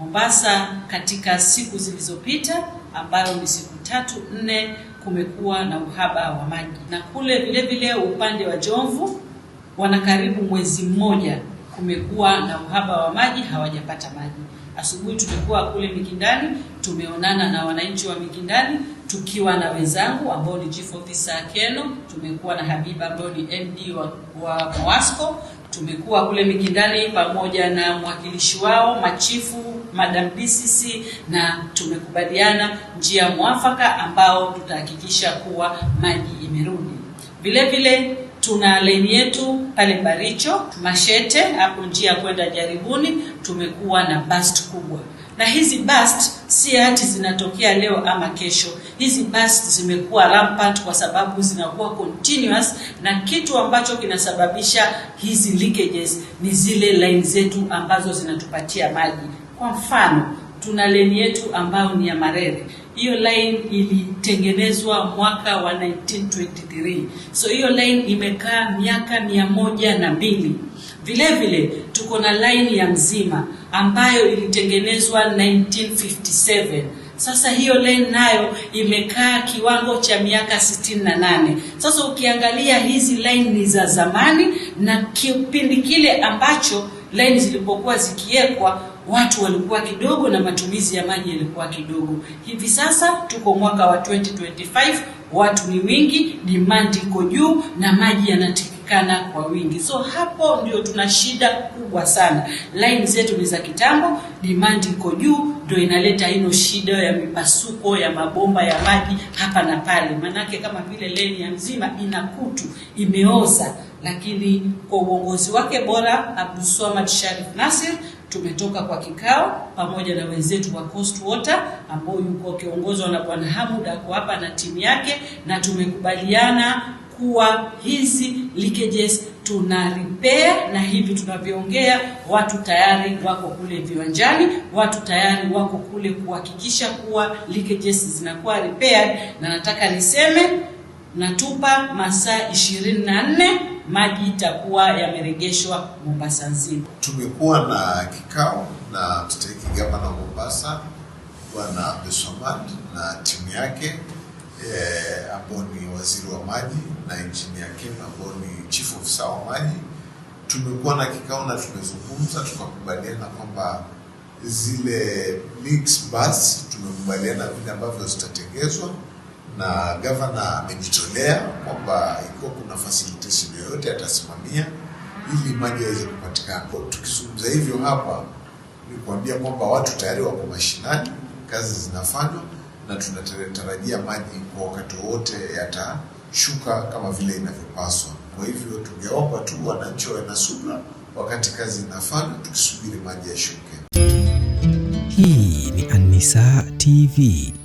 Mombasa katika siku zilizopita, ambayo ni siku tatu nne, kumekuwa na uhaba wa maji, na kule vile vile upande wa Jomvu wana karibu mwezi mmoja kumekuwa na uhaba wa maji, hawajapata maji. Asubuhi tumekuwa kule Mikindani, tumeonana na wananchi wa Mikindani tukiwa na wenzangu ambao ni Chief Officer Keno, tumekuwa na Habiba ambayo ni MD wa, wa Mwasco Tumekuwa kule Mikindani pamoja na mwakilishi wao machifu Madam DCC na tumekubaliana njia mwafaka ambao tutahakikisha kuwa maji imerudi. Vile vile tuna leni yetu pale Baricho Mashete, hapo njia kwenda Jaribuni, tumekuwa na bust kubwa na hizi bust si ati zinatokea leo ama kesho. Hizi bust zimekuwa rampant kwa sababu zinakuwa continuous, na kitu ambacho kinasababisha hizi leakages ni zile line zetu ambazo zinatupatia maji. Kwa mfano tuna leni yetu ambayo ni ya Marere. Hiyo line ilitengenezwa mwaka wa 1923, so hiyo line imekaa miaka mia moja na mbili. Vile vile tuko na line ya Mzima ambayo ilitengenezwa 1957. Sasa hiyo line nayo imekaa kiwango cha miaka 68. Sasa ukiangalia hizi line ni za zamani na kipindi kile ambacho line zilipokuwa zikiwekwa watu walikuwa kidogo na matumizi ya maji yalikuwa kidogo. Hivi sasa tuko mwaka wa 2025, watu ni wingi, demand iko juu na maji yanatikikana kwa wingi. So hapo ndio tuna shida kubwa sana. Line zetu ni za kitambo, demand iko juu, ndio inaleta hino shida ya mipasuko ya mabomba ya maji hapa na pale, manake kama vile leni ya mzima ina kutu, imeoza. Lakini kwa uongozi wake bora Abdulswamad Sharif Nasir tumetoka kwa kikao pamoja na wenzetu wa Coast Water ambao yuko akiongozwa na Bwana Hamud ako hapa na timu yake, na tumekubaliana kuwa hizi leakages tuna repair, na hivi tunavyoongea watu tayari wako kule viwanjani, watu tayari wako kule kuhakikisha kuwa leakages zinakuwa repaired, na nataka niseme natupa masaa ishirini na nne maji itakuwa yameregeshwa Mombasa nzima. Tumekuwa na kikao na mstahiki gavana wa Mombasa Bwana Abdulswamad na timu yake eh, ambao ni waziri wa maji na injinia Kim ambao ni chief of wa maji. Tumekuwa na kikao na tumezungumza, tukakubaliana kwamba zile mix bus tumekubaliana vile ambavyo zitatengezwa na gavana amejitolea kwamba ikiwa kuna facilitation yoyote atasimamia ili maji yaweze kupatikana. Tukizungumza hivyo hapa ni kuambia kwamba watu tayari wako mashinani, kazi zinafanywa na tunatarajia maji kwa wakati wote yatashuka kama vile inavyopaswa. Kwa hivyo tungeomba tu wananchi wawe na subira wakati kazi inafanywa, tukisubiri maji yashuke. Hii ni Anisa TV.